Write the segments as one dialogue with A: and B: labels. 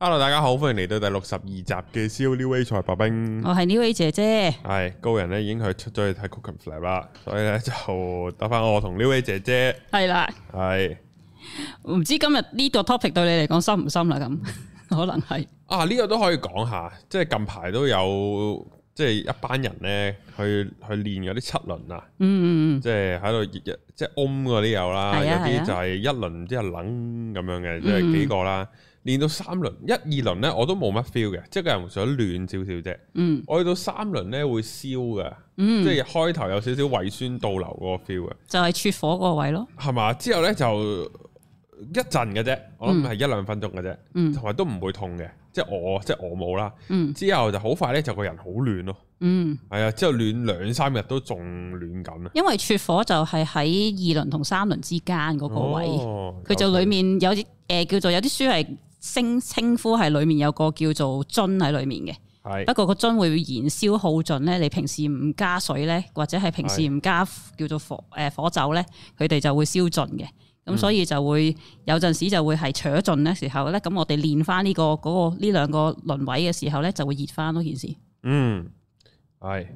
A: Hello，大家好，歡迎嚟到第六十二集嘅《CEO New Age》蔡白兵，我
B: 係 New Age 姐姐，
A: 係高人咧已經出去出咗去睇 Cooking Club 啦，所以咧就得翻我同 New Age 姐姐，
B: 係啦，
A: 係是，
B: 唔知今日呢個 topic 對你嚟講深唔深啦？咁可能係
A: 啊，呢、這個都可以講下，即、就、係、是、近排都有，即、就、係、是、一班人咧去去練啲七輪、嗯就是、啊，嗯，即係喺度即係嗡嗰啲有啦，有啲就係一輪即係冷咁樣嘅，即、就、係、是、幾個啦。嗯。練到三輪，一二輪咧我都冇乜 feel 嘅，即係個人想暖少少啫。嗯，我去到三輪咧會燒嘅，嗯、即係開頭有少少胃酸倒流嗰個 feel 嘅，
B: 就係灼火嗰個位咯。
A: 係嘛，之後咧就一陣嘅啫，我諗係一兩分鐘嘅啫。同埋、嗯、都唔會痛嘅，即係我即係我冇啦。嗯，之後就好快咧就個人好暖咯。嗯，係啊，之後暖兩三日都仲暖緊啊。
B: 因為灼火就係喺二輪同三輪之間嗰個位，佢、哦、就裏面有啲誒、呃、叫做有啲書係。蒸稱呼係裏面有個叫做樽喺裏面嘅，係是。不過個樽會燃燒耗盡咧，你平時唔加水咧，或者係平時唔加叫做火誒、呃、火酒咧，佢哋就會燒盡嘅。咁所以就會、嗯、有陣時就會係扯盡咧時候咧，咁我哋練翻呢個嗰、嗰個呢兩個輪位嘅時候咧，就會熱翻咯件事。
A: 嗯，係。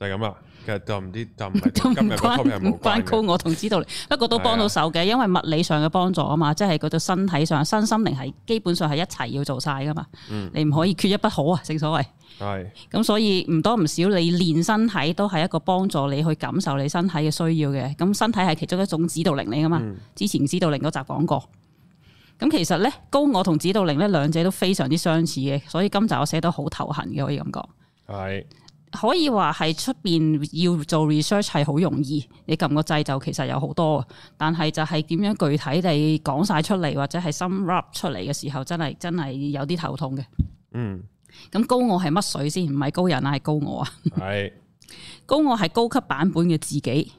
A: 就係咁啦，其實就唔知，就唔係今日唔關
B: 高我同指導靈，不過都幫到手嘅，是啊、因為物理上嘅幫助啊嘛，即係嗰度，身體上、身心靈係基本上係一齊要做晒噶嘛。嗯、你唔可以缺一不可啊，正所謂係。咁是 所以唔多唔少，你練身體都係一個幫助你去感受你身體嘅需要嘅。咁身體係其中一種指導靈嚟噶嘛。嗯、之前指導靈嗰集講過，咁其實咧高我同指導靈咧兩者都非常之相似嘅，所以今集我寫得好頭痕嘅，可以咁講係。可以話係出邊要做 research 係好容易，你撳個掣就其實有好多，但係就係點樣具體地講晒出嚟，或者係 sum up 出嚟嘅時候，真係真係有啲頭痛嘅。咁、嗯、高我係乜水先？唔係高人啊，係高我啊。
A: 係
B: 是高我係高級版本嘅自己，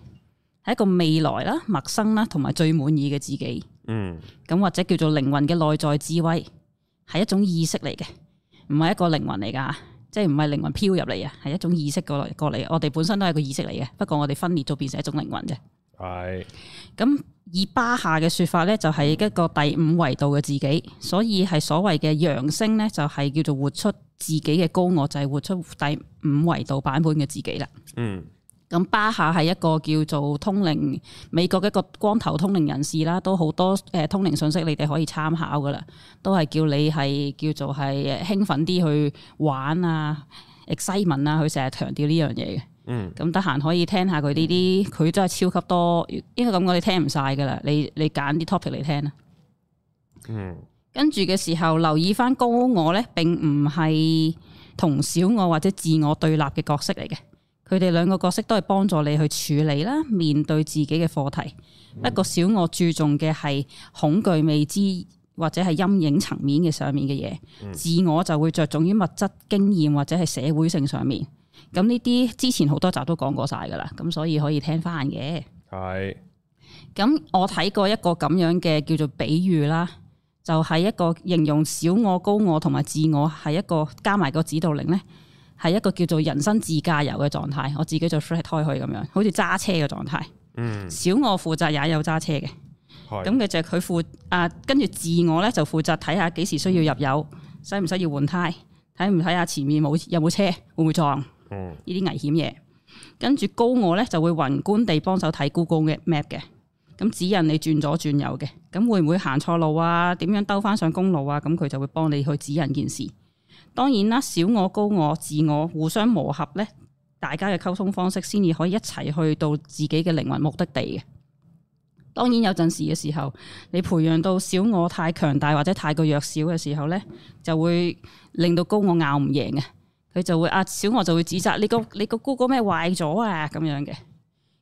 B: 係一個未來啦、陌生啦，同埋最滿意嘅自己。咁、嗯、或者叫做靈魂嘅內在智慧，係一種意識嚟嘅，唔係一個靈魂嚟噶。即係唔係靈魂飄入嚟啊，係一種意識過嚟過嚟。我哋本身都係個意識嚟嘅，不過我哋分裂咗變成一種靈魂啫。
A: 係的。
B: 咁以巴夏嘅說法咧，就係一個第五維度嘅自己，所以係所謂嘅揚升咧，就係叫做活出自己嘅高我，就係、是、活出第五維度版本嘅自己啦。
A: 嗯。
B: 咁巴夏係一個叫做通靈，美國一個光頭通靈人士啦，都好多誒通靈信息，你哋可以參考噶啦，都係叫你係叫做係誒興奮啲去玩啊，excitement 啊，佢成日強調呢樣嘢嘅。嗯，咁得閒可以聽下佢呢啲，佢真係超級多，因為咁我哋聽唔晒噶啦，你你揀啲 topic 嚟聽啊。嗯，跟住嘅時候留意翻高我咧，並唔係同小我或者自我對立嘅角色嚟嘅。佢哋兩個角色都係幫助你去處理啦，面對自己嘅課題。一個、嗯、小我注重嘅係恐懼未知或者係陰影層面嘅上面嘅嘢，嗯、自我就會着重於物質經驗或者係社會性上面。咁呢啲之前好多集都講過晒噶啦，咁所以可以聽翻嘅。係是，咁我睇過一個咁樣嘅叫做比喻啦，就係、是、一個形容小我、高我同埋自我係一個加埋個指導靈呢。係一個叫做人生自駕遊嘅狀態，我自己就甩胎去咁樣，好似揸車嘅狀態。嗯，小我負責也有揸車嘅，咁佢就佢負啊，跟住自我咧就負責睇下幾時需要入油，使唔使要換胎，睇唔睇下前面冇有冇車會唔會撞？呢啲、哦、危險嘢。跟住高我咧就會宏觀地幫手睇 Google 嘅 Map 嘅，咁指引你轉左轉右嘅，咁會唔會行錯路啊？點樣兜翻上公路啊？咁佢就會幫你去指引件事。當然啦，小我、高我、自我互相磨合咧，大家嘅溝通方式先至可以一齊去到自己嘅靈魂目的地嘅。當然有陣時嘅時候，你培養到小我太強大或者太過弱小嘅時候咧，就會令到高我拗唔贏嘅，佢就會啊，小我就會指責你個你個高我咩壞咗啊咁樣嘅，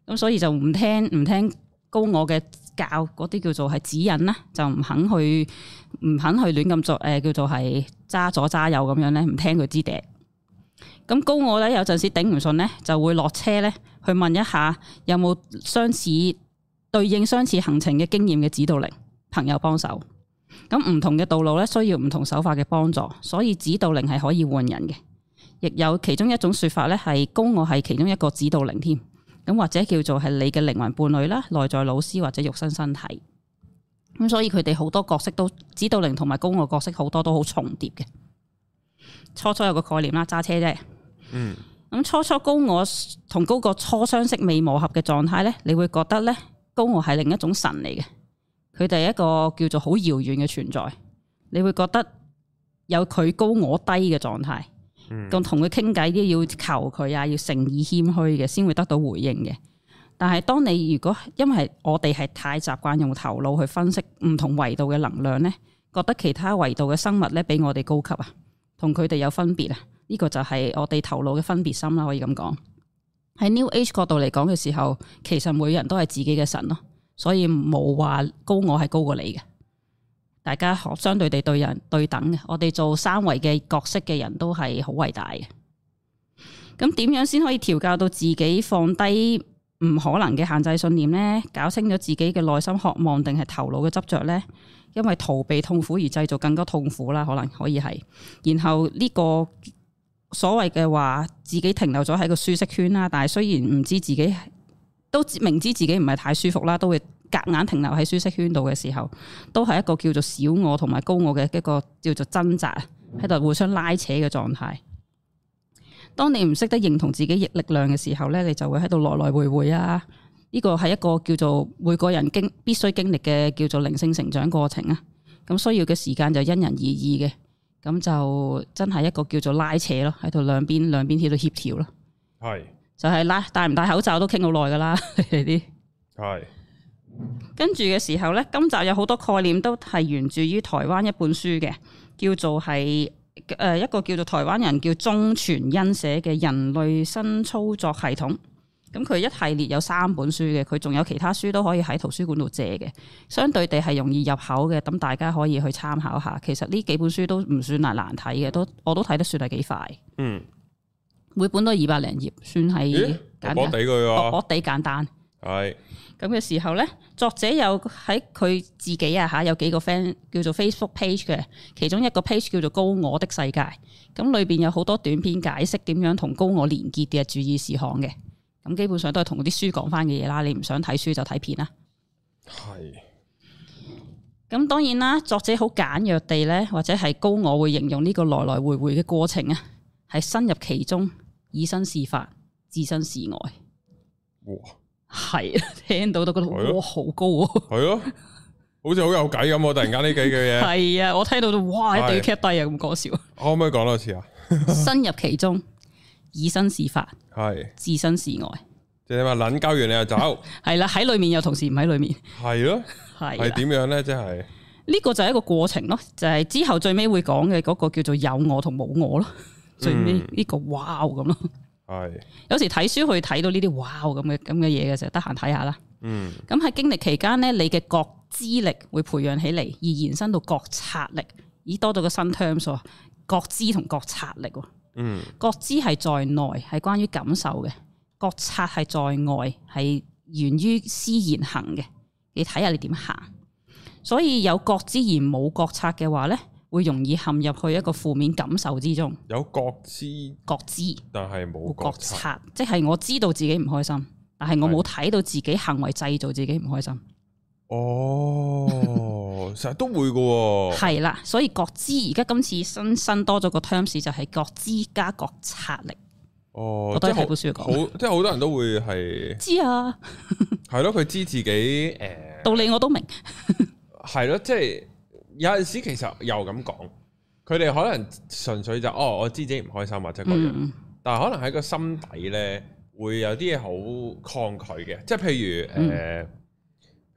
B: 咁所以就唔聽唔聽高我嘅。教嗰啲叫做係指引啦，就唔肯去，唔肯去亂咁做，誒、呃，叫做係揸左揸右咁樣咧，唔聽佢支笛。咁高我咧有陣時頂唔順咧，就會落車咧去問一下，有冇相似對應相似行程嘅經驗嘅指導靈朋友幫手。咁唔同嘅道路咧，需要唔同手法嘅幫助，所以指導靈係可以換人嘅。亦有其中一種說法咧，係高我係其中一個指導靈添。咁或者叫做係你嘅靈魂伴侶啦，內在老師或者肉身身體。咁所以佢哋好多角色都指導靈同埋高我角色好多都好重疊嘅。初初有個概念啦，揸車啫。咁、嗯、初初高我同高我初相識未磨合嘅狀態咧，你會覺得咧，高我係另一種神嚟嘅，佢哋一個叫做好遙遠嘅存在，你會覺得有佢高我低嘅狀態。咁同佢傾偈啲要求佢啊，要誠意謙虛嘅先會得到回應嘅。但係當你如果因為我哋係太習慣用頭腦去分析唔同維度嘅能量咧，覺得其他維度嘅生物咧，比我哋高級啊，同佢哋有分別啊，呢個就係我哋頭腦嘅分別心啦，可以咁講。喺 New Age 角度嚟講嘅時候，其實每人都係自己嘅神咯，所以冇話高我係高過你嘅。大家學相對地對人對等嘅，我哋做三維嘅角色嘅人都係好偉大嘅。咁點樣先可以調教到自己放低唔可能嘅限制信念呢？搞清咗自己嘅內心渴望定係頭腦嘅執着呢？因為逃避痛苦而製造更加痛苦啦，可能可以係。然後呢個所謂嘅話，自己停留咗喺個舒適圈啦，但係雖然唔知自己都明知自己唔係太舒服啦，都會。隔硬停留喺舒適圈度嘅時候，都係一個叫做小我同埋高我嘅一個叫做掙扎，喺度互相拉扯嘅狀態。當你唔識得認同自己力量嘅時候呢，你就會喺度來來回回啊！呢個係一個叫做每個人經必須經歷嘅叫做靈性成長過程啊！咁需要嘅時間就因人而異嘅，咁就真係一個叫做拉扯咯，喺度兩邊兩邊喺度協調咯。係是就係拉戴唔戴口罩都傾好耐噶啦，啲 係。跟住嘅時候呢，今集有好多概念都係源自於台灣一本書嘅，叫做係誒一個叫做台灣人叫鍾荃因寫嘅《人類新操作系統》。咁佢一系列有三本書嘅，佢仲有其他書都可以喺圖書館度借嘅，相對地係容易入口嘅。咁大家可以去參考下。其實呢幾本書都唔算係難睇嘅，都我都睇得算係幾快。嗯，每本都二百零頁，算係簡單，薄薄地簡單。係咁嘅時候呢，作者又喺佢自己啊吓，有幾個 friend 叫做 Facebook page 嘅，其中一個 page 叫做高我的世界，咁裏邊有好多短片解釋點樣同高我連結嘅注意事項嘅，咁基本上都係同啲書講翻嘅嘢啦。你唔想睇書就睇片啦。
A: 係是。
B: 咁當然啦，作者好簡約地呢，或者係高我會形容呢個來來回回嘅過程啊，係深入其中，以身試法，置身事外。
A: 哇！
B: 係、啊、聽到都覺得哇好高
A: 係咯，好似好有計咁、啊。突然間呢幾句嘢，係
B: 啊，我聽到都哇一定要 keep 低啊！咁、那、講、個、笑、啊
A: 啊，可唔可以講多次啊？
B: 身 入其中，以身試法，係、啊、置身事外，
A: 即係話捻交完你又走，
B: 係啦、啊，喺裏面又同時唔喺裏
A: 面，係咯、啊，係點、啊、樣咧？即係
B: 呢個就係、是、一個過程咯，就係、是、之後最尾會講嘅嗰個叫做有我同冇我咯，
A: 最尾
B: 呢個哇咁、哦、咯。係，有時睇書去睇到呢啲哇咁嘅咁嘅嘢嘅就，得閒睇下啦。嗯，咁喺經歷期間咧，你嘅覺知力會培養起嚟，而延伸到覺察力，咦，多咗個新 terms 覺知同覺察力。嗯，覺知係在內，係關於感受嘅；覺察係在外，係源於思言行嘅。你睇下你點行，所以有覺知而冇覺察嘅話咧會容易陷入去一個負面感受之中。
A: 有覺知，覺知，但係冇
B: 覺察，即係我知道自己唔開心，但係我冇睇到自己行為製造自己唔開心。
A: 哦，成日都會嘅喎。係
B: 啦，所以覺知而家今次新新多咗個 terms 就係覺知加覺察力。
A: 哦，我都喺好書度講。好，即係好多人都會係知啊，係咯，佢知自己誒
B: 道理我都明，
A: 係咯，即係。有陣時其實又咁講，佢哋可能純粹就是、哦，我知自己唔開心或者嗰樣，嗯、但係可能喺個心底咧會有啲嘢好抗拒嘅，即係譬如誒、嗯呃，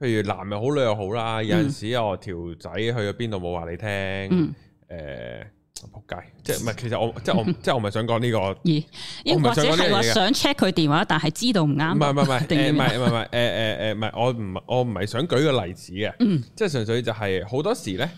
A: 譬如男又好，好，女又好啦，有陣時我條仔去咗邊度冇話你聽，誒、嗯。呃仆街，即係唔係？其實我即係我即係我唔係想講呢個。咦，或者係話想
B: check 佢電話，但係知道唔啱。唔係唔係唔係唔係唔係
A: 唔係，誒誒誒，唔係我唔我唔係想舉個例子嘅。嗯，即係純粹就係好多時咧，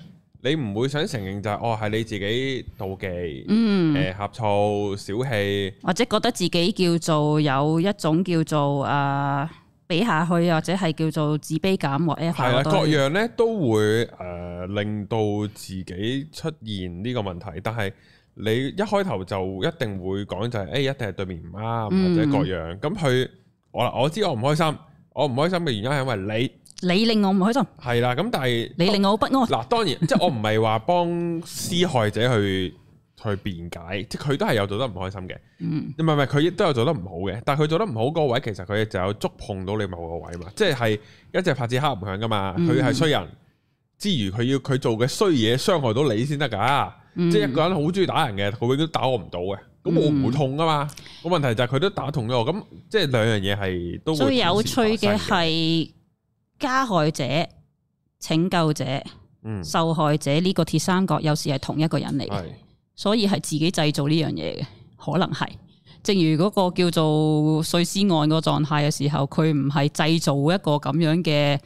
A: 你唔會想承認就係哦係你自己妒忌，嗯，誒，呷醋、小氣，
B: 或者覺得自己叫做有一種叫做啊。俾下去，或者係叫做自卑感或係，係啦，各樣
A: 咧都會誒、呃、令到自己出現呢個問題。但係你一開頭就一定會講就係、是、誒、欸，一定係對面唔啱、嗯、或者各樣。咁佢我啦，我知我唔開心，我唔開心嘅原因係因為你
B: 你令我唔開心，
A: 係啦。咁但係你令我好不安嗱。當然，即係我唔係話幫施害者去。 去辯解，即佢都係有做得唔開心嘅，唔係唔係佢亦都有做得唔好嘅，但係佢做得唔好個位，其實佢就有觸碰到你某個位嘛，即係一隻拍子敲唔響噶嘛。佢係衰人之餘，佢要佢做嘅衰嘢傷害到你先得㗎，嗯、即係一個人好中意打人嘅，佢永遠都打我唔到嘅，咁我唔會痛㗎嘛。個、嗯、問題就係佢都打痛咗我，咁即係兩樣嘢係都會。最有趣嘅係
B: 加害者、拯救者、嗯、受害者呢、呢個鐵三角，有時係同一個人嚟嘅。所以係自己製造呢樣嘢嘅，可能係，正如嗰個叫做碎屍案個狀態嘅時候，佢唔係製造一個咁樣嘅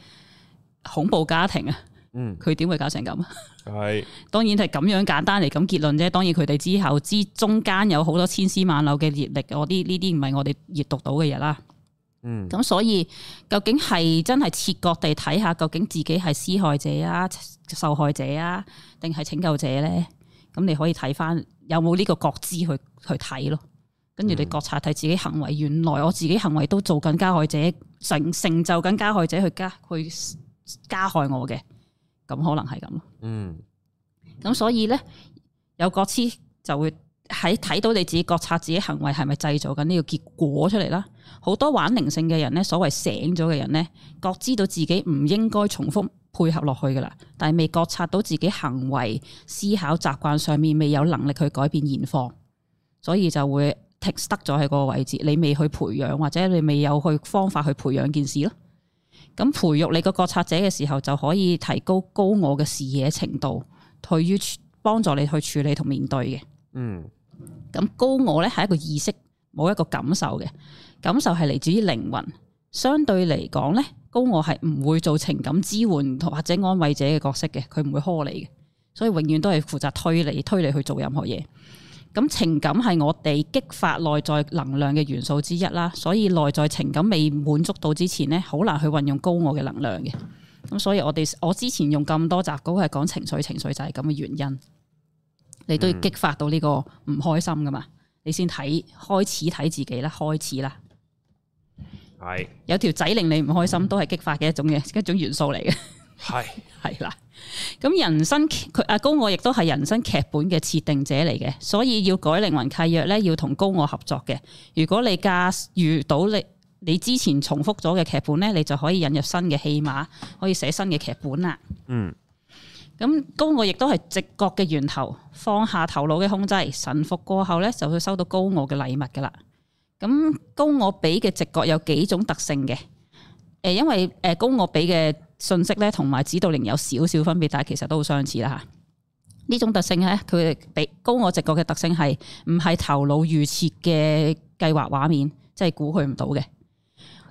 B: 恐怖家庭啊。嗯，佢點會搞成咁？係，當然係咁樣簡單嚟咁結論啫。當然佢哋之後之中間有好多千絲萬縷嘅熱力，我啲呢啲唔係我哋閱讀到嘅嘢啦。嗯，咁所以究竟係真係切割地睇下，究竟自己係施害者啊、受害者啊，定係拯救者咧？咁你可以睇翻有冇呢個覺知去去睇咯，跟住你覺察睇自己行為，原來我自己行為都做緊加害者，成成就緊加害者去加去加害我嘅，咁可能係咁咯。嗯，咁所以咧有覺知就會喺睇到你自己覺察自己行為係咪製造緊呢個結果出嚟啦。好多玩靈性嘅人咧，所謂醒咗嘅人咧，覺知道自己唔應該重複。配合落去噶啦，但係未覺察到自己行為、思考、習慣上面未有能力去改變現況，所以就會停得咗喺個位置。你未去培養，或者你未有去方法去培養件事咯。咁培育你個覺察者嘅時候，就可以提高高我嘅視野程度，對於幫助你去處理同面對嘅。嗯，咁高我呢係一個意識，冇一個感受嘅。感受係嚟自於靈魂。相對嚟講咧，高我係唔會做情感支援或者安慰者嘅角色嘅，佢唔會呵你嘅，所以永遠都係負責推你推你，去做任何嘢。咁情感係我哋激發內在能量嘅元素之一啦，所以內在情感未滿足到之前咧，好難去運用高我嘅能量嘅。咁所以我哋我之前用咁多集嗰個係講情緒，情緒就係咁嘅原因。你都要激發到呢個唔開心噶嘛？你先睇開始睇自己啦，開始啦。係有條仔令你唔開心，都係激發嘅一種嘅一種元素嚟嘅。係 係啦，咁人生佢阿高我亦都係人生劇本嘅設定者嚟嘅，所以要改靈魂契約咧，要同高我合作嘅。如果你嫁遇到你你之前重複咗嘅劇本咧，你就可以引入新嘅戲碼，可以寫新嘅劇本啦。
A: 嗯，
B: 咁高我亦都係直覺嘅源頭，放下頭腦嘅控制，臣服過後咧，就會收到高我嘅禮物噶啦。咁高我比嘅直覺有幾種特性嘅？誒，因為誒高我比嘅信息咧，同埋指導靈有少少分別，但係其實都好相似啦吓。呢種特性咧，佢俾高我直覺嘅特性係唔係頭腦預設嘅計劃畫面，即係估佢唔到嘅。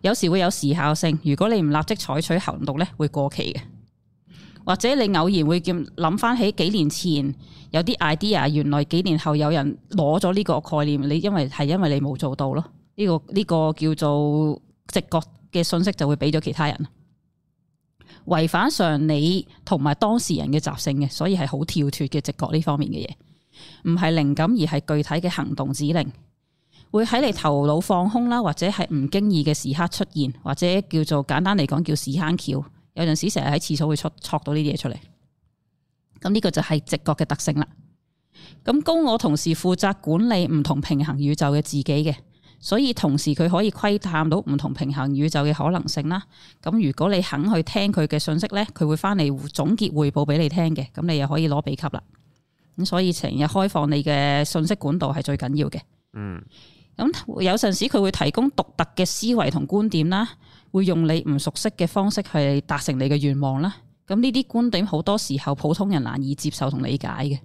B: 有時會有時效性，如果你唔立即採取行動咧，會過期嘅。或者你偶然會見諗翻起幾年前有啲 idea，原來幾年後有人攞咗呢個概念，你因為係因為你冇做到咯，呢個呢個叫做直覺嘅信息就會俾咗其他人，違反常理同埋當事人嘅習性嘅，所以係好跳脱嘅直覺呢方面嘅嘢，唔係靈感而係具體嘅行動指令，會喺你頭腦放空啦，或者係唔經意嘅時刻出現，或者叫做簡單嚟講叫屎坑橋。有陣時成日喺廁所會出撮到呢啲嘢出嚟，咁呢個就係直覺嘅特性啦。咁高我同時負責管理唔同平衡宇宙嘅自己嘅，所以同時佢可以窺探到唔同平衡宇宙嘅可能性啦。咁如果你肯去聽佢嘅信息咧，佢會翻嚟總結匯報俾你聽嘅，咁你又可以攞秘笈啦。咁所以成日開放你嘅信息管道係最緊要嘅。嗯，咁有陣時佢會提供獨特嘅思維同觀點啦。會用你唔熟悉嘅方式去達成你嘅願望啦。咁呢啲觀點好多時候普通人難以接受同理解嘅。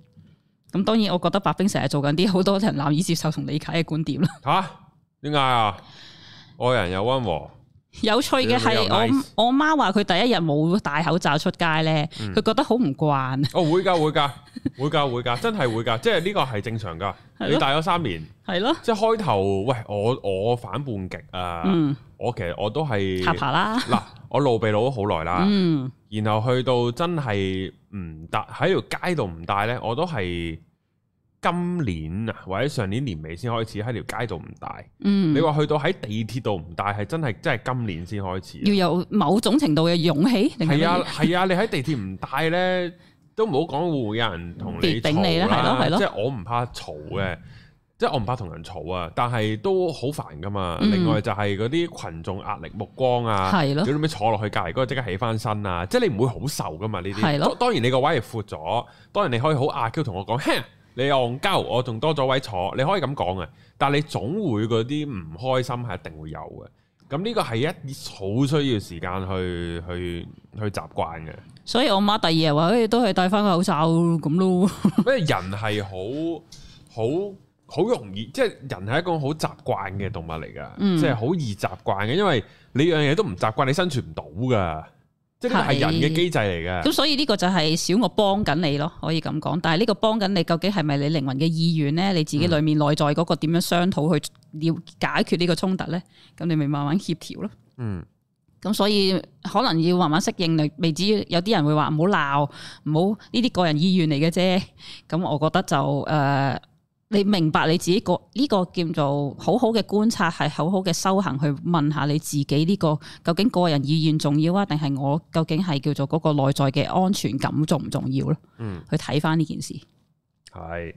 B: 咁當然，我覺得白兵成日做緊啲好多人難以接受同理解嘅觀點啦。吓、啊？
A: 點解啊？愛人有溫和。
B: 有趣嘅係我我媽話佢第一日冇戴口罩出街咧，佢覺得好唔慣。哦，會噶會噶會噶會
A: 噶，真係會噶，即係呢個係正常噶。 你戴咗三年，係咯的？即係開頭喂我我，我反叛極啊！嗯我其實我都係，嗱，我露鼻露咗好耐啦，嗯、然後去到真係唔戴喺條街度唔戴咧，我都係今年啊，或者上年年尾先開始喺條街度唔戴。嗯，你話去到喺地鐵度唔戴，係真係真係今年先開始。
B: 要有某種程度嘅勇氣定係，
A: 係啊係啊，你喺地鐵唔戴咧，都唔好講會有人同你頂你啦，係咯係咯，即係我唔怕嘈嘅。嗯即係我唔怕同人嘈啊，但係都好煩噶嘛。嗯、另外就係嗰啲群眾壓力目光啊，咁你的坐落去隔籬嗰個即刻起翻身啊，的即係你唔會好受噶嘛呢啲。係的當然你個位係闊咗，當然你可以好阿 Q 同我講的，你又戇鳩，我仲多咗位坐，你可以咁講嘅。但係你總會嗰啲唔開心係一定會有嘅。咁呢個係一好需要時間去去去習慣嘅。
B: 所以我媽第二日話，誒都係戴翻個口罩咁咯。因為
A: 人係好好。 好容易，即係人係一個好習慣嘅動物嚟噶，嗯、即係好易習慣嘅，因為你樣嘢都唔習慣，你生存唔到噶，
B: 即係係人嘅機制
A: 嚟嘅。咁所以
B: 呢個就係小我幫緊你咯，可以咁講。但係呢個幫緊你，究竟係咪你靈魂嘅意願咧？你自己裏面內在嗰個點樣商討去了解決個衝呢個衝突咧？咁你咪慢慢協調咯。
A: 嗯，
B: 咁所以可能要慢慢適應，你未至於有啲人會話唔好鬧，唔好呢啲個人意願嚟嘅啫。咁我覺得就誒。呃你明白你自己個呢個叫做好好嘅觀察，係好好嘅修行，去問下你自己呢個究竟，個人意願重要啊，定係我究竟係叫做嗰個內在嘅安全感重唔重要咯？嗯，去睇翻呢件事。係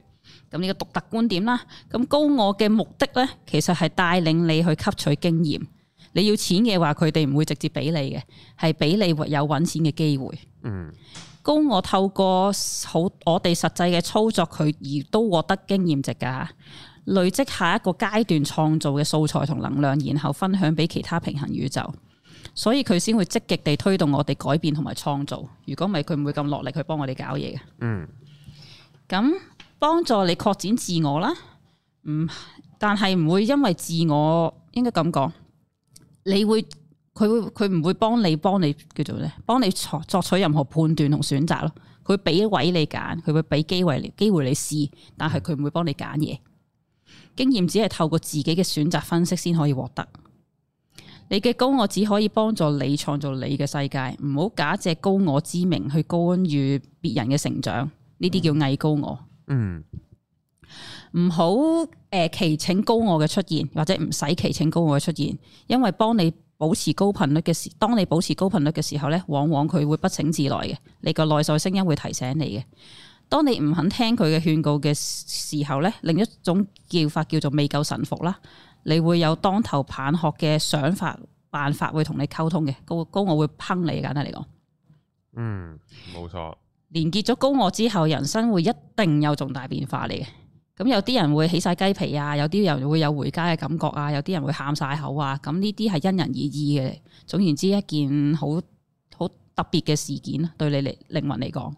B: 咁呢個獨特觀點啦。咁高我嘅目的咧，其實係帶領你去吸取經驗。你要錢嘅話，佢哋唔會直接俾你嘅，係俾你有搵錢嘅機會。嗯，高我透過好我哋實際嘅操作，佢亦都獲得經驗值㗎，累積下一個階段創造嘅素材同能量，然後分享俾其他平行宇宙，所以佢先會積極地推動我哋改變同埋創造。如果唔係，佢唔會咁落力去幫我哋搞嘢嘅。嗯，咁幫助你擴展自我啦，唔、嗯、但係唔會因為自我應該咁講，你會。佢會佢唔會幫你幫你叫做咩？幫你作作取任何判斷同選擇咯。佢俾位你揀，佢會俾機會你機會你試，但係佢唔會幫你揀嘢。經驗只係透過自己嘅選擇分析先可以獲得。你嘅高我只可以幫助你創造你嘅世界，唔好假借高我之名去干預別人嘅成長。呢啲叫偽高我。嗯，唔好誒，祈、呃、請高我嘅出現或者唔使祈請高我嘅出現，因為幫你。保持高頻率嘅時，當你保持高頻率嘅時候呢，往往佢會不請自來嘅。你個內在聲音會提醒你嘅。當你唔肯聽佢嘅勸告嘅時候呢，另一種叫法叫做未夠臣服啦。你會有當頭棒喝嘅想法，辦法會同你溝通嘅。高，高我會烹你，簡單嚟講。
A: 嗯，冇錯。
B: 連結咗高我之後，人生會一定有重大變化嚟嘅。咁有啲人會起晒雞皮啊，有啲人會有回家嘅感覺啊，有啲人會喊晒口啊，咁呢啲係因人而異嘅。總言之，一件好好特別嘅事件啦，對你嚟靈魂嚟講，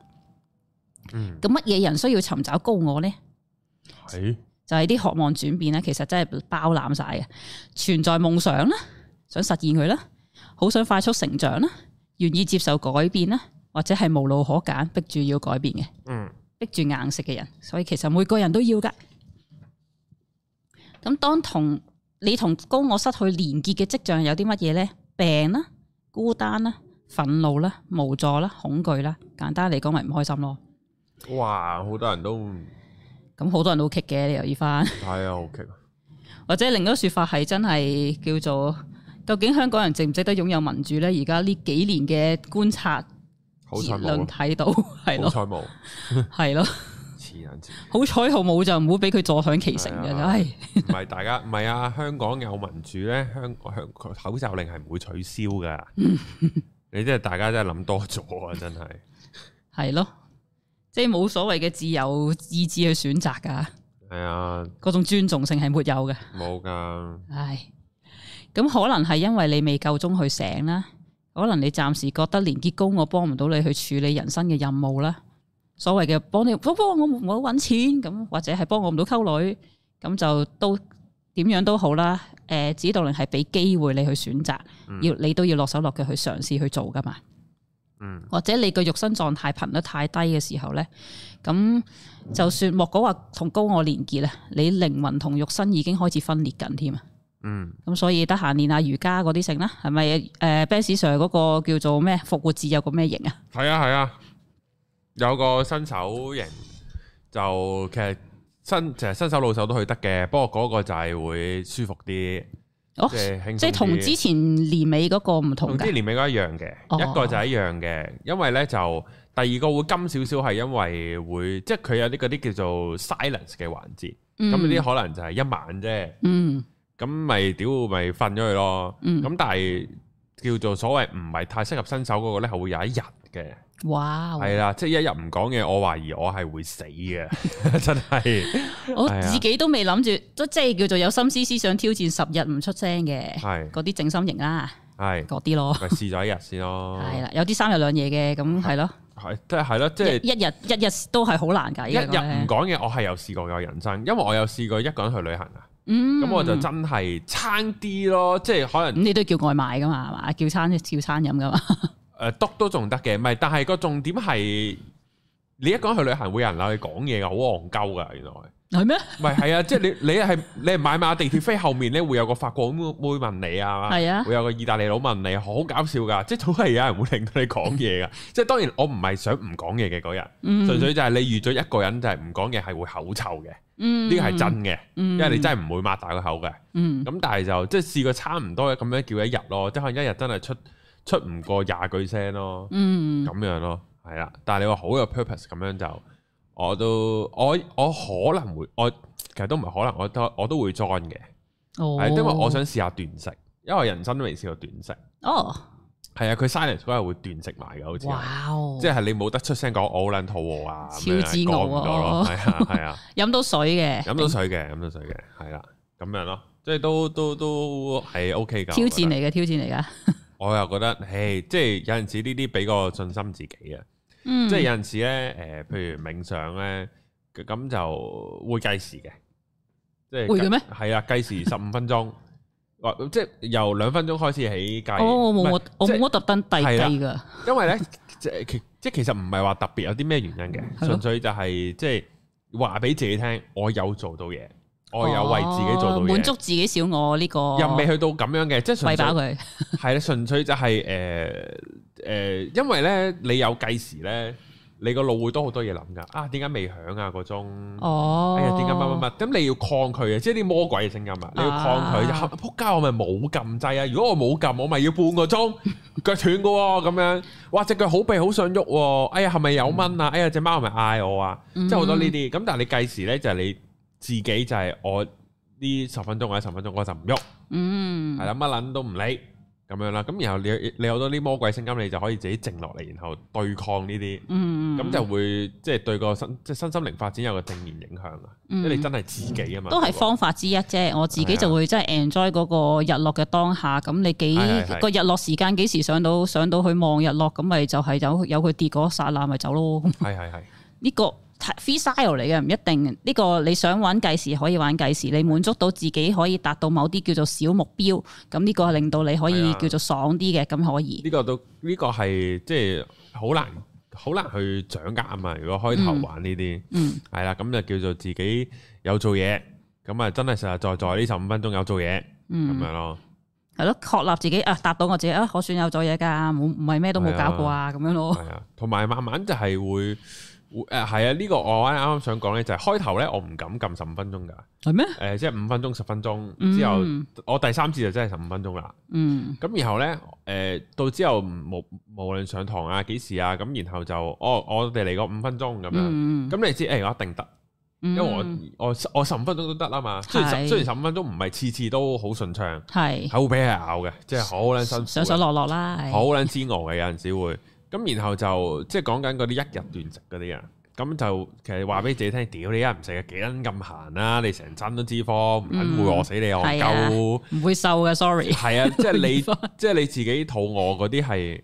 B: 嗯，咁乜嘢人需要尋找高我呢？係是就係啲渴望轉變咧，其實真係包攬晒嘅。存在夢想啦，想實現佢啦，好想快速成長啦，願意接受改變啦，或者係無路可揀，逼住要改變嘅，嗯。逼住硬食嘅人，所以其實每個人都要噶。咁當同你同高我失去連結嘅跡象有啲乜嘢呢？病啦、啊，孤單啦、啊，憤怒啦、啊，無助啦、啊，恐懼啦、啊，簡單嚟講，咪唔開心咯。
A: 哇！好多人都
B: 咁好多人都激嘅，你又依翻。
A: 係啊，好激。
B: 或者另一個說法係真係叫做，究竟香港人值唔值得擁有民主咧？而家呢幾年嘅觀察。
A: 言論睇
B: 到係咯，係 咯，智人智人好彩好冇就唔好俾佢坐享其成嘅，唉、
A: 啊，唔係、哎？大家唔係啊？香港有民主咧，香香口罩令係唔會取消噶。 你真係大家真係諗多咗啊！真係
B: 係咯，即係冇所謂嘅自由意志去選擇噶。係啊，嗰種尊重性係沒有嘅，
A: 冇噶、哎。
B: 唉，咁可能係因為你未夠鐘去醒啦。 可能你暫時覺得連結高我幫唔到你去處理人生嘅任務啦，所謂嘅幫你，幫我我我搵錢咁，或者係幫我唔到溝女，咁就都點樣都好啦。誒、呃，指導靈係俾機會你去選擇，要、嗯、你都要落手落腳去嘗試去做噶嘛。嗯。或者你個肉身狀態頻率太低嘅時候咧，咁就算莫講話同高我連結啦，你靈魂同肉身已經開始分裂緊添啊！嗯，咁所以得閒練下瑜伽嗰啲性啦，係咪誒？Benson 嗰個叫做咩？復活節有個咩型啊？
A: 係啊係啊，有個新手型就其實新其實新手老手都去得嘅，不過嗰個就係會舒服啲，哦、
B: 即係輕鬆啲。即係同之前年尾嗰個唔同，同之前
A: 年尾嗰一樣嘅，哦、一個就一樣嘅，因為咧就第二個會金少少，係因為會即係佢有啲嗰啲叫做 silence 嘅環節，咁啲可能就係一晚啫。嗯。嗯咁咪屌咪瞓咗去咯，咁但係叫做所謂唔係太適合新手嗰個咧，係會有一日嘅，
B: 哇，係
A: 啦，即係一日唔講嘢，我懷疑我係會死嘅，真係，
B: 我自己都未諗住，都即係叫做有心思思想挑戰十日唔出聲嘅，係嗰啲靜心型啦，
A: 係嗰啲咯，咪試咗一日先咯，係啦，有
B: 啲三日兩夜嘅，咁係咯，
A: 係即係係咯，即係一
B: 日一日都係好難解，一日唔
A: 講嘢，我係有試過有人生，因為我有試過一個人去旅行啊。
B: 咁、嗯、我就真係餐啲咯，即係可能你都叫外賣噶嘛，係嘛？叫餐叫餐飲噶嘛？
A: 誒、啊，督都仲得嘅，唔係，但係個重點係你一個人去旅行，會有人鬧你講嘢噶，好戇鳩噶，原來係咩？唔係嗎，係啊， 即係你你係你買買地鐵飛後面咧，會有個法國妹問你啊，係啊，會有個意大利佬問你，好搞笑噶，即係總係有人會令到你講嘢噶， 即係當然我唔係想唔講嘢嘅嗰人，純粹就係你遇咗一個人就係唔講嘢係會口臭嘅。呢個係真嘅，嗯、因為你真係唔會擘大個口嘅。咁、嗯、但係就即係、就是、試過差唔多咁樣叫一日咯，即、就、係、是、可能一日真係出出唔過廿句聲咯。咁、嗯、樣咯，係啦。但係你話好有 purpose 咁樣就，我都我我可能會我其實都唔係可能，我都我都會 join 嘅。係、哦、因為我想試下斷食，因為我人生都未試過斷食。哦係啊，佢 silent 嗰日會斷食埋嘅，好似，即係你冇得出聲講我好撚肚餓啊，挑戰我咯，係啊係啊，
B: 飲到水嘅，飲到水
A: 嘅，飲到水嘅，係啦，咁樣咯，即係都都都係 OK 噶，挑戰嚟嘅，挑戰嚟噶，我又覺得，誒，即係有陣時呢啲俾個信心自己啊，
B: 即係有陣
A: 時咧，誒，譬如冥想咧，咁就會計時嘅，即係會嘅咩？係啊，計時十五分鐘。話即係由兩分鐘開始起計，我冇我我冇乜
B: 特登計計噶，因為咧
A: 即係其即係其實唔係話特別有啲咩原因嘅，純粹就係即係話俾自己聽，我有做到嘢，我有為自己做到嘢，滿足
B: 自己小我呢個，又未去到
A: 咁樣嘅，即係餵飽佢，係啦，純粹就係誒誒，因為咧你有計時咧。你個腦會多好多嘢諗㗎啊！點解未響啊個鐘？哦，哎呀，點解乜乜乜？咁你要抗拒啊，即係啲魔鬼嘅聲音，啊。你要抗拒。就仆街，我咪冇撳掣啊！如果我冇撳，我咪要半個鐘腳斷嘅喎、哦，咁樣哇！隻腳好痹，好想喐、啊。哎呀，係咪有蚊啊？嗯、哎呀，隻貓係咪嗌我啊！即係好多呢啲。咁但係你計時咧，就係、是、你自己就係我呢十分鐘或者十分鐘，我十分鐘我就唔喐。嗯，係喇，乜撚都唔理。咁樣啦，咁然後你你有多啲魔鬼聲音，你就可以自己靜落嚟，然後對抗呢啲，咁就會即係對個身即係身心靈發展有個正面影響啊！因為你真係自己啊嘛，都係方法
B: 之一啫。我自己就會真係 enjoy 嗰個日落嘅當下。咁你幾個日落時間幾時上到上到去望日落？咁咪就係有有佢跌嗰一剎那，咪走咯。係係係呢個。free style 嚟嘅，唔一定呢個，你想玩計時可以玩計時，你滿足到自己可以達到某啲叫做小目標，咁呢個令到你可以叫做爽啲嘅，咁可以。
A: 呢個都呢個係即係好難好難去掌握啊嘛！如果開頭玩呢啲，嗯，係啦，咁就叫做自己有做嘢，咁啊真係實實在在呢十五分鐘有做嘢，嗯，咁樣咯，
B: 係咯，確立自己啊達到我自己啊，我算有做嘢㗎，冇唔係咩都冇搞過啊咁樣咯。係
A: 啊，同埋慢慢就係會。誒係啊，呢個我啱啱想講咧，就係開頭咧，我唔敢撳十五分鐘㗎。係咩？誒，即係五分鐘、十分鐘之後，我第三次就真係十五分鐘啦。嗯。咁然後咧，誒到之後無無論上堂啊幾時啊，咁然後就哦，我哋嚟個五分鐘咁樣。咁你知誒，我一定得，因為我我我十五分鐘都得啦嘛。係。雖然雖然十五分鐘唔係次次都好順暢，係，係會俾佢咬嘅，即係好撚辛苦。上上落落啦。好撚煎熬嘅，有陣時會。咁然後就即係講緊嗰啲一日斷食嗰啲人，咁就其實話俾自己聽，屌你一唔食啊，幾撚咁閒啦，你成身都脂肪，唔會餓死你。嗯、我夠夠，唔、啊、
B: 會瘦嘅，sorry。係
A: 啊，即係 你即係、就是、你自己肚餓嗰啲係，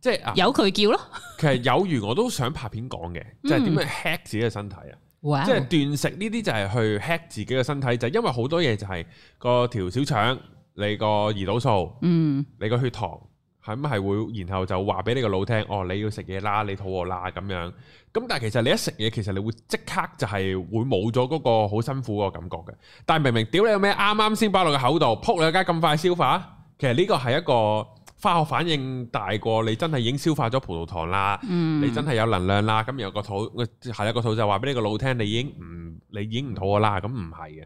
A: 即、就、係、
B: 是啊、有佢叫咯。
A: 其實有余我都想拍片講嘅，即係點樣 hack 自己嘅身體啊！即係斷食呢啲就係去 hack 自己嘅身體，就是、因為好多嘢就係個條小腸，你個胰島素，嗯，你個血糖。係咪會，然後就話俾你個腦聽，哦，你要食嘢啦，你肚餓啦咁樣。咁但係其實你一食嘢，其實你會即刻就係會冇咗嗰個好辛苦嗰個感覺嘅。但係明明屌你有咩？啱啱先擺落個口度，撲你個街咁快消化？其實呢個係一個化學反應大過你真係已經消化咗葡萄糖啦，嗯、你真係有能量啦。咁又個肚，係啊個肚就話俾你個腦聽，你已經唔，你已經唔肚餓啦。咁唔係嘅，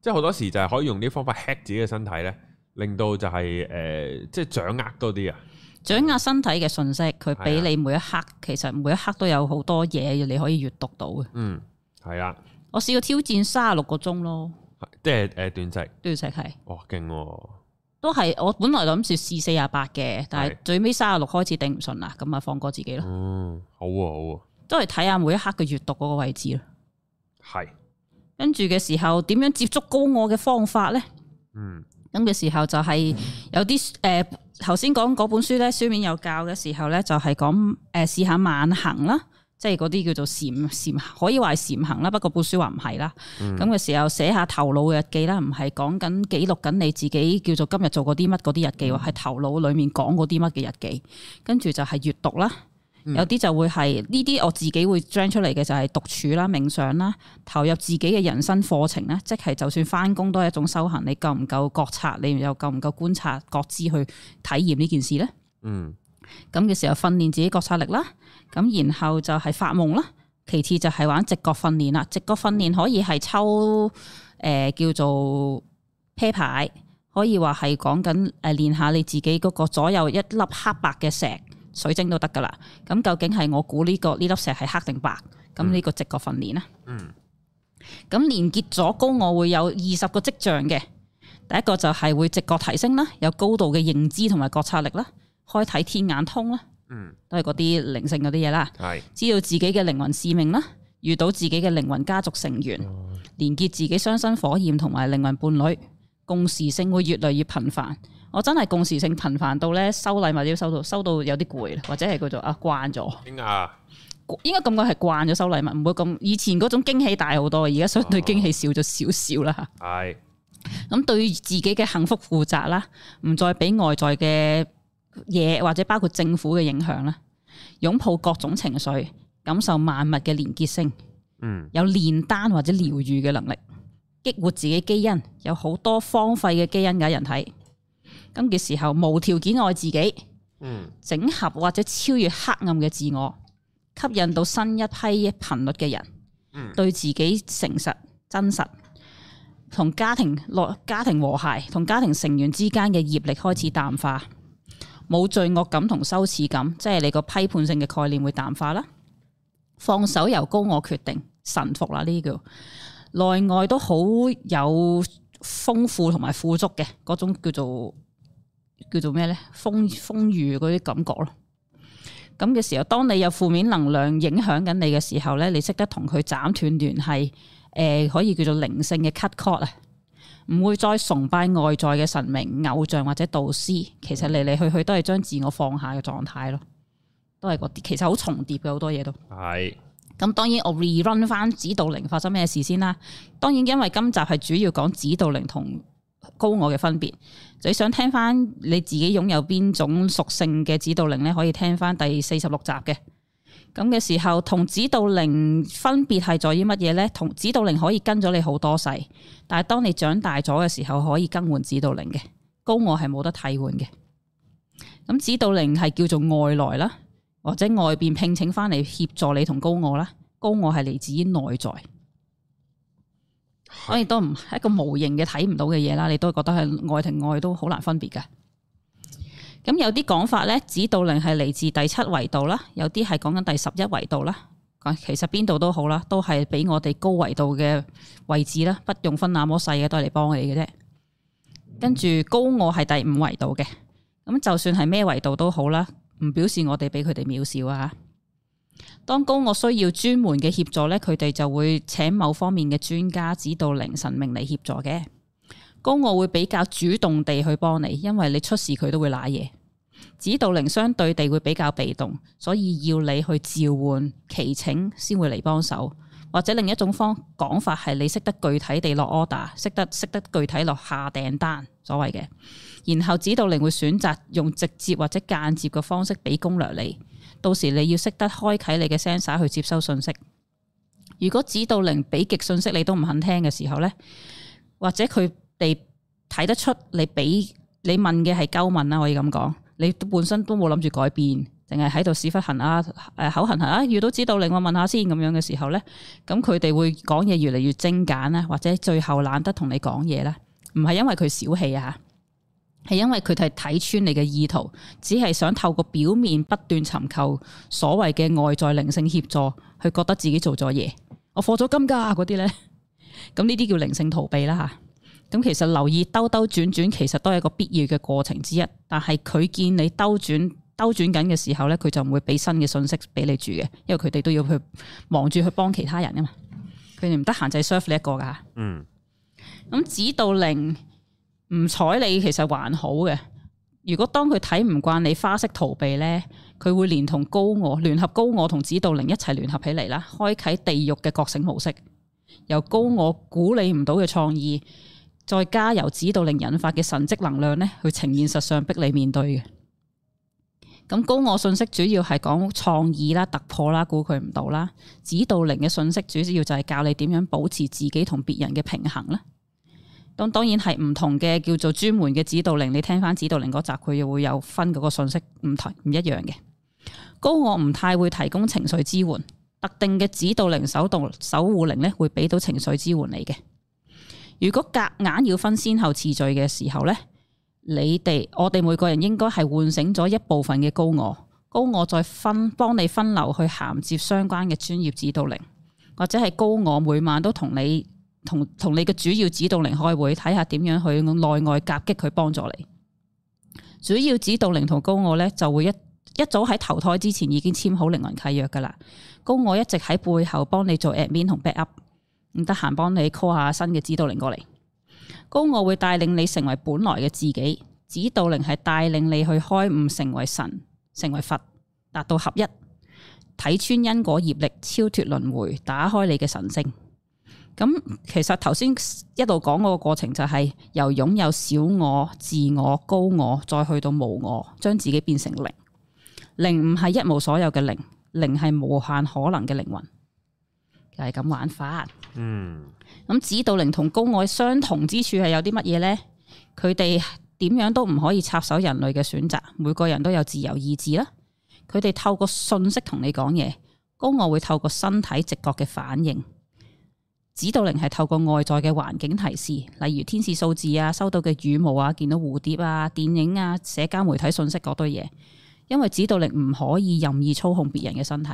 A: 即係好多時就係可以用啲方法 hack 自己嘅身體咧。令到就係、是、誒、呃，即係掌握多啲啊！
B: 掌握身體嘅信息，佢俾你每一刻，是的 其實每一刻都有好多嘢，你可以閱讀到嘅。嗯，係啊，我試過挑戰卅六個鐘咯，
A: 即係誒斷食，斷食係。短短哦，勁、哦！
B: 都係我本來諗住試四十八嘅，但係最尾卅六開始頂唔順啦，咁啊放過自己咯。
A: 嗯，好啊，好啊，
B: 都係睇下每一刻嘅閱讀嗰個位置咯。係的、嗯、跟住嘅時候，點樣接觸高我嘅方法咧？
A: 嗯。
B: 咁嘅時候就係有啲誒頭先講嗰本書咧，書面有教嘅時候咧，就係講誒試下慢行啦，即係嗰啲叫做漸漸，可以話係漸行啦。不過本書話唔係啦。咁嘅、嗯、時候寫下頭腦嘅日記啦，唔係講緊記錄緊你自己叫做今日做過啲乜嗰啲日記喎，係頭腦裡面講過啲乜嘅日記，跟住就係閱讀啦。有啲就會係呢啲，我自己會將出嚟嘅就係獨處啦、冥想啦、投入自己嘅人生課程啦，即係就算返工都係一種修行。你夠唔夠覺察？你又夠唔夠觀察覺知去體驗呢件事呢？
A: 嗯，
B: 咁嘅時候訓練自己覺察力啦。咁然後就係發夢啦，其次就係玩直覺訓練啦。直覺訓練可以係抽誒、呃、叫做啤牌，可以話係講緊誒練下你自己嗰個左右一粒黑白嘅石。水晶都得噶啦，咁究竟係我估呢、這個呢粒石係黑定白？咁呢個直覺訓練咧？嗯，咁連結咗高我會有二十個跡象嘅，第一個就係會直覺提升啦，有高度嘅認知同埋覺察力啦，開睇天眼通啦，嗯，都係嗰啲靈性嗰啲嘢啦。係，知道自己嘅靈魂使命啦，遇到自己嘅靈魂家族成員，嗯、連結自己雙生火焰同埋靈魂伴侶，共時性會越來越頻繁。我真係共時性頻繁到咧，收禮物都要收到，收到有啲攰，或者係叫做啊慣咗。點解？啊、應該咁講，係慣咗收禮物，唔會咁以前嗰種驚喜大好多，而家相對驚喜少咗少少啦。係、啊。咁對於自己嘅幸福負責啦，唔再俾外在嘅嘢，或者包括政府嘅影響啦，擁抱各種情緒，感受萬物嘅連結性。嗯。有煉丹或者療癒嘅能力，激活自己基因，有好多荒廢嘅基因嘅人體。咁嘅時候，無條件愛自己，嗯，整合或者超越黑暗嘅自我，吸引到新一批頻率嘅人，嗯，對自己誠實真實，同家庭樂家庭和諧，同家庭成員之間嘅業力開始淡化，冇罪惡感同羞恥感，即係你個批判性嘅概念會淡化啦。放手由高我決定，臣服啦，呢個內外都好有豐富同埋富足嘅嗰種叫做。叫做咩呢？風風雨嗰啲感覺咯。咁嘅時候，當你有負面能量影響緊你嘅時候呢，你識得同佢斬斷聯繫。誒、呃，可以叫做靈性嘅 cut cut 啊，唔會再崇拜外在嘅神明、偶像或者導師。其實嚟嚟去去都係將自我放下嘅狀態咯，都係嗰啲。其實好重疊嘅好多嘢都係。咁是當然我 re run 翻指導靈發生咩事先啦。當然因為今集係主要講指導靈同高我嘅分別。你想聽翻你自己擁有邊種屬性嘅指導靈呢？可以聽翻第四十六集嘅。咁嘅時候，同指導靈分別係在於乜嘢呢？同指導靈可以跟咗你好多世，但係當你長大咗嘅時候，可以更換指導靈嘅。高我係冇得替換嘅。咁指導靈係叫做外來啦，或者外邊聘請翻嚟協助你同高我啦。高我係嚟自於內在。我亦都唔係一個無形嘅睇唔到嘅嘢啦，你都覺得係愛同愛都好難分別嘅。咁有啲講法咧，指導靈係嚟自第七維度啦，有啲係講緊第十一維度啦。咁其實邊度都好啦，都係比我哋高維度嘅位置啦，不用分那麼細嘅都嚟幫你嘅啫。跟住高我係第五維度嘅，咁就算係咩維度都好啦，唔表示我哋比佢哋渺小啊。當高我需要專門嘅協助咧，佢哋就會請某方面嘅專家指導靈、神明嚟協助嘅。高我會比較主動地去幫你，因為你出事佢都會瀨嘢。指導靈相對地會比較被動，所以要你去召喚祈請先會嚟幫手，或者另一種方講法係你識得具體地落 order，識得識得具體落下訂單，所謂嘅。然後指導靈會選擇用直接或者間接嘅方式俾攻略你。到時你要識得開啟你嘅 sensor 去接收信息。如果指導靈俾極信息你都唔肯聽嘅時候咧，或者佢哋睇得出你俾你問嘅係鳩問啦，可以咁講，你本身都冇諗住改變，淨係喺度屎忽痕啊誒、呃、口痕痕啊，遇到指導靈我問下先咁樣嘅時候咧，咁佢哋會講嘢越嚟越精簡啦，或者最後懶得同你講嘢啦，唔係因為佢小氣啊。係因為佢係睇穿你嘅意圖，只係想透過表面不斷尋求所謂嘅外在靈性協助，去覺得自己做咗嘢，我放咗金噶嗰啲咧，咁呢啲叫靈性逃避啦吓。咁其實留意兜兜轉轉，其實都係一個必要嘅過程之一。但係佢見你兜轉兜轉緊嘅時候咧，佢就唔會俾新嘅信息俾你住嘅，因為佢哋都要去忙住去幫其他人啊嘛。佢哋唔得閒就 serve 你一個噶。
A: 嗯，
B: 咁指導靈。唔睬你其實還好嘅，如果當佢睇唔慣你花式逃避呢，佢會連同高我聯合高我同指導靈一齊聯合起嚟啦，開啟地獄嘅覺醒模式，由高我鼓勵唔到嘅創意，再加由指導靈引發嘅神跡能量呢，去呈現實相逼你面對嘅。咁高我信息主要係講創意啦、突破啦、估佢唔到啦，指導靈嘅信息主要就係教你點樣保持自己同別人嘅平衡呢。當當然係唔同嘅，叫做專門嘅指導靈。你聽翻指導靈嗰集，佢又會有分嗰個信息唔同唔一樣嘅。高我唔太會提供情緒支援，特定嘅指導靈，手動守護靈咧，會俾到情緒支援你嘅。如果夾硬要分先後次序嘅時候呢，你哋我哋每個人應該係喚醒咗一部分嘅高我，高我再分幫你分流去銜接相關嘅專業指導靈，或者係高我每晚都同你。同同你嘅主要指導靈開會，睇下點樣去內外夾擊佢幫助你。主要指導靈同高我呢，就會一一早喺投胎之前已經簽好靈魂契約噶啦。高我一直喺背後幫你做 admin 同 backup，唔得閒幫你 call 下新嘅指導靈過嚟。高我會帶領你成為本來嘅自己，指導靈係帶領你去開悟，成為神，成為佛，達到合一，睇穿因果業力，超脫輪迴，打開你嘅神性。咁其實頭先一路講個過程就係、是、由擁有小我、自我、高我再去到無我，將自己變成零。零唔係一無所有嘅零，零係無限可能嘅靈魂，就係、是、咁玩法。嗯。咁指導靈同高我相同之處係有啲乜嘢呢？佢哋點樣都唔可以插手人類嘅選擇，每個人都有自由意志啦。佢哋透過信息同你講嘢，高我會透過身體直覺嘅反應。指導靈係透過外在嘅環境提示，例如天使數字啊、收到嘅羽毛啊、見到蝴蝶啊、電影啊、社交媒體信息嗰堆嘢。因為指導靈唔可以任意操控別人嘅身體。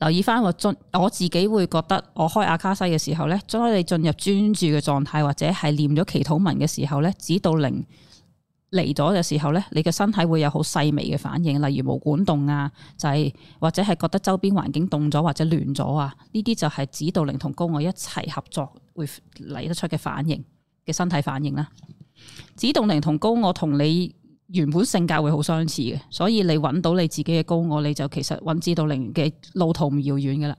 B: 留意翻我進，我自己會覺得我開阿卡西嘅時候呢，當你進入專注嘅狀態或者係念咗祈禱文嘅時候呢，指導靈。嚟咗嘅時候咧，你嘅身體會有好細微嘅反應，例如毛管凍啊，就係或者係覺得周邊環境凍咗或者暖咗啊，呢啲就係指導靈同高我一齊合作會嚟得出嘅反應嘅身體反應啦。指導靈同高我同你原本性格會好相似嘅，所以你揾到你自己嘅高我，你就其實揾指導靈嘅路途唔遙遠㗎喇。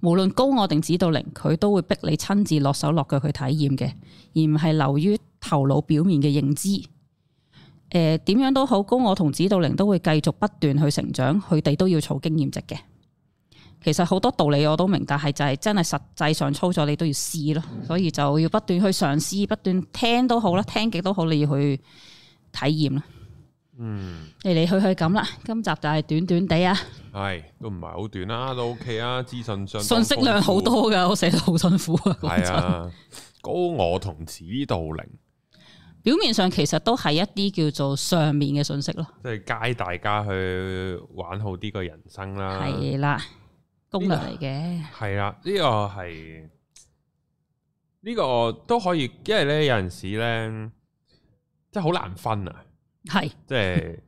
B: 無論高我定指導靈，佢都會逼你親自落手落腳去體驗嘅，而唔係流於頭腦表面嘅認知，誒、呃，點樣都好，高我同指導靈都會繼續不斷去成長，佢哋都要儲經驗值嘅。其實好多道理我都明白，但係就係真係實際上操作你都要試咯，所以就要不斷去嘗試，不斷聽都好啦，聽極都，都好，你要去體驗啦。嗯，嚟嚟去去咁啦，今集就係短短地啊。
A: 係、哎，都唔係好短啦，都 OK 啊，資訊相信息量好多
B: 噶，我寫得好辛苦啊。係啊，
A: 高我同指導靈。
B: 表面上其實都係一啲叫做上面嘅信息咯，
A: 即係教大家去玩好啲個人生啦，係啦，
B: 功能嚟嘅
A: 係啦，呢、呢個係呢、呢個、呢個、都可以，因為咧有陣時咧即係好難分啊，係是即係誒、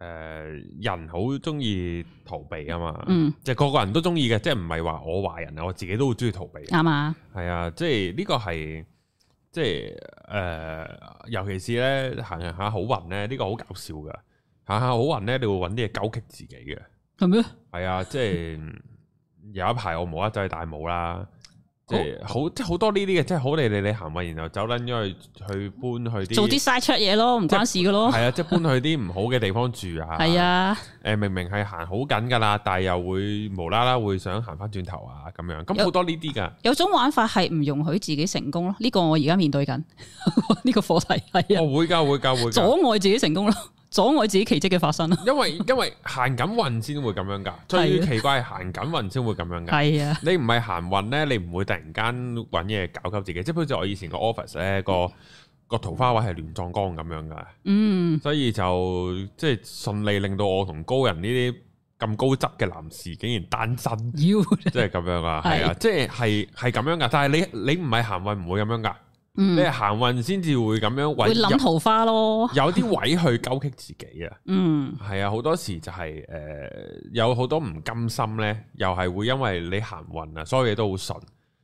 A: 呃、人好中意逃避啊嘛，嗯，即係個個人都中意嘅，即係唔係話我壞人啊，我自己都會中意逃避，啱啊吧，係啊，即係呢個係。即係誒、呃，尤其是咧行行下好運咧，呢、這個好搞笑噶。行下好運咧，你會搵啲嘢糾結自己嘅。係咩吧？係啊，即係 有一排我冇得啦去戴帽啦。即係、嗯、好即係好，好多呢啲嘅，即係好，你你你行運，然後走捻咗去去搬去啲做啲
B: 嘥出嘢咯，唔關事噶咯。係啊、嗯，即係、嗯
A: 嗯就是、搬去啲唔好嘅地方住啊。係、嗯、啊，誒明明係行好緊噶啦，但係又會無啦啦會想行翻轉頭啊咁樣。咁好多呢啲噶。
B: 有種玩法係唔容許自己成功咯。呢、這個我而家面對緊呢 個課題
A: 係啊、哦。會教會教會。阻
B: 礙自己成功咯。阻礙自己奇跡嘅發生啊！因
A: 為因為行緊運先會咁樣噶 最奇怪行緊運先會咁樣噶。係是啊你，你唔係行運咧，你唔會突然間揾嘢，搞鳩自己。即係好似我以前個 office 咧，個、嗯、個桃花位係亂葬崗咁樣噶。嗯，所以就即係順利令到我同高人呢啲咁高質嘅男士，竟然單身，即係咁樣啊！係 啊，即係係係咁樣噶。但係你你唔係行運，唔會咁樣噶。嗯、你係行運先至會咁樣，會諗桃
B: 花咯。
A: 有啲位去糾激自己、嗯、啊。嗯，係啊，好多時就係、是、誒、呃，有好多唔甘心咧，又係會因為你行運啊，所有嘢都好順，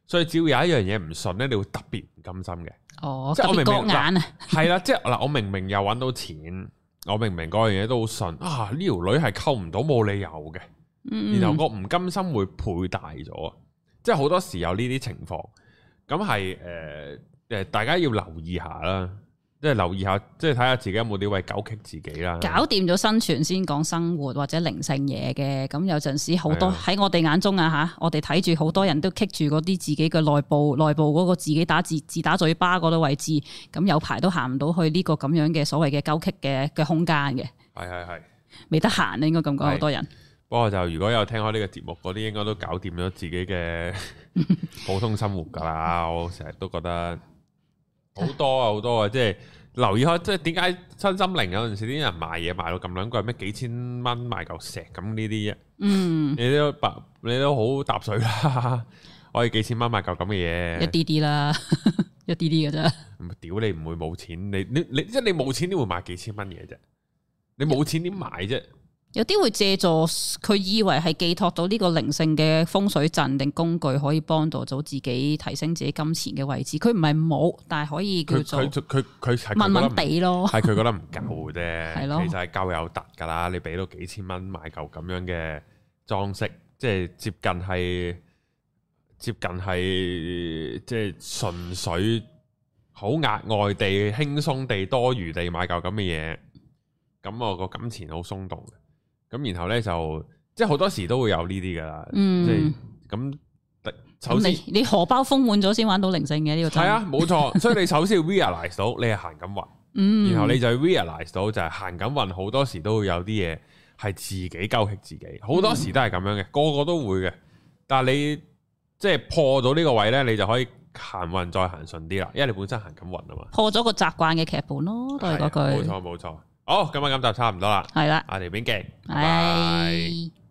A: 所以只要有一樣嘢唔順咧，你會特別唔甘心嘅。哦，即係我明明嗱係、啊、啦，啊、即係嗱，我明明又搵到錢，嗯、 我明明各樣嘢都好順啊，呢條女係溝唔到冇理由嘅，然後我唔甘心會賠大咗，即係好多時有呢啲情況，咁係誒。呃誒，大家要留意下啦，即係留意下，即係睇下看看自己有冇啲位狗激自己啦。搞
B: 掂咗生存先講生活或者靈性嘢嘅，咁有陣時好多喺的我哋眼中啊吓，我哋睇住好多人都棘住嗰啲自己嘅內部內部嗰個自己打自、自打嘴巴嗰個位置，咁有排都行唔到去呢個咁樣嘅所謂嘅狗激嘅嘅空間嘅。係係係，未得閒啊，應該咁講，好的多人。
A: 不過就如果有聽開呢個節目嗰啲，應該都搞掂咗自己嘅普通生活噶啦。 我成日都覺得。好多啊，好多啊！即係留意開，即係點解身心靈有陣時啲人賣嘢賣到咁撚貴咩？幾千蚊賣嚿石咁呢啲嘢？
B: 嗯，
A: 你都白，你都好搭水啦！可以幾千蚊賣嚿咁嘅嘢？一啲
B: 啲啦， 一啲啲嘅啫。屌你唔會
A: 冇錢，你你你，即係你冇錢，你，你，你，你，你，你冇錢點會買幾千蚊嘢啫？你冇錢點買啫？
B: 有啲會借助佢以為係寄託到呢個靈性嘅風水陣定工具，可以幫助到自己提升自己金錢嘅位置。佢唔係冇，但係可以佢叫
A: 佢文文地咯。係佢覺得唔 夠啫。係咯的，其實係夠有突㗎啦。你俾到幾千蚊買嚿咁樣嘅裝飾，即係接近係接近係即係純粹好額外地輕鬆地多餘地買嚿咁嘅嘢，咁我個金錢好鬆動。咁然後咧就即係好多時都會有呢啲噶啦。嗯、即係咁首先
B: 你，你荷包豐滿咗先玩到靈性嘅呢個係啊，冇錯。
A: 所以你首先要 realize 到你係行緊運，嗯、
B: 然後你
A: 就 realize 到就係行緊運，好多時都會有啲嘢係自己勾起自己，好多時都係咁樣嘅，嗯、個個都會嘅。但係你即係破咗呢個位咧，你就可以行運再行順啲啦，因為你本身行緊運啊嘛。破
B: 咗個習慣嘅劇本咯，都係嗰句。係啊、冇錯，
A: 冇錯。好，oh，今日咁就差唔多啦，係啦的，我哋下集見拜
B: 拜。
A: Bye